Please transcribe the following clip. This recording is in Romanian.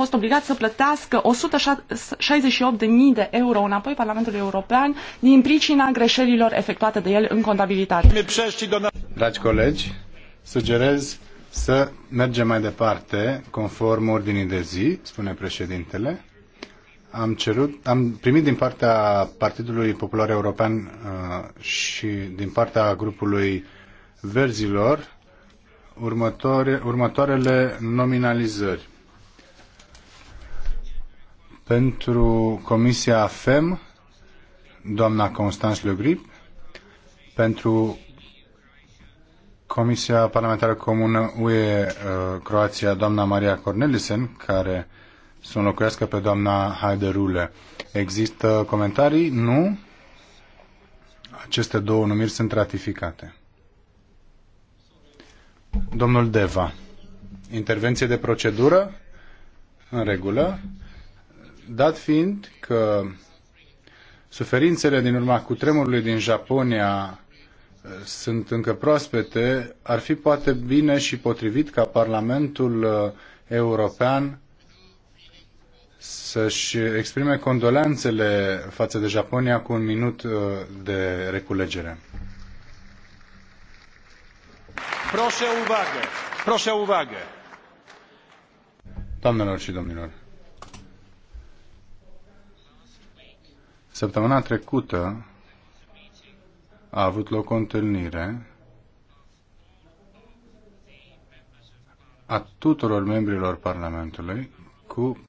fost obligat să plătească 168.000 de euro înapoi Parlamentului European din pricina greșelilor efectuate de el în contabilitate. Dragi colegi, sugerez să mergem mai departe conform ordinii de zi, spune președintele. Am, cerut, am primit din partea Partidului Popular European uh, și din partea grupului Verzilor următoare, următoarele nominalizări pentru Comisia FEM, doamna Constance Le Grip, pentru Comisia Parlamentară Comună UE uh, Croația, doamna Maria Cornelisen, care să înlocuiască pe doamna Haiderule. Există comentarii? Nu. Aceste două numiri sunt ratificate. Domnul Deva. Intervenție de procedură? În regulă. Dat fiind că suferințele din urma cutremurului din Japonia uh, sunt încă proaspete, ar fi poate bine și potrivit ca Parlamentul uh, European să-și exprime condoleanțele față de Japonia cu un minut uh, de reculegere. Proșe uvagă! Proșe uvagă! Doamnelor și domnilor, Săptămâna trecută a avut loc o întâlnire a tuturor membrilor Parlamentului cu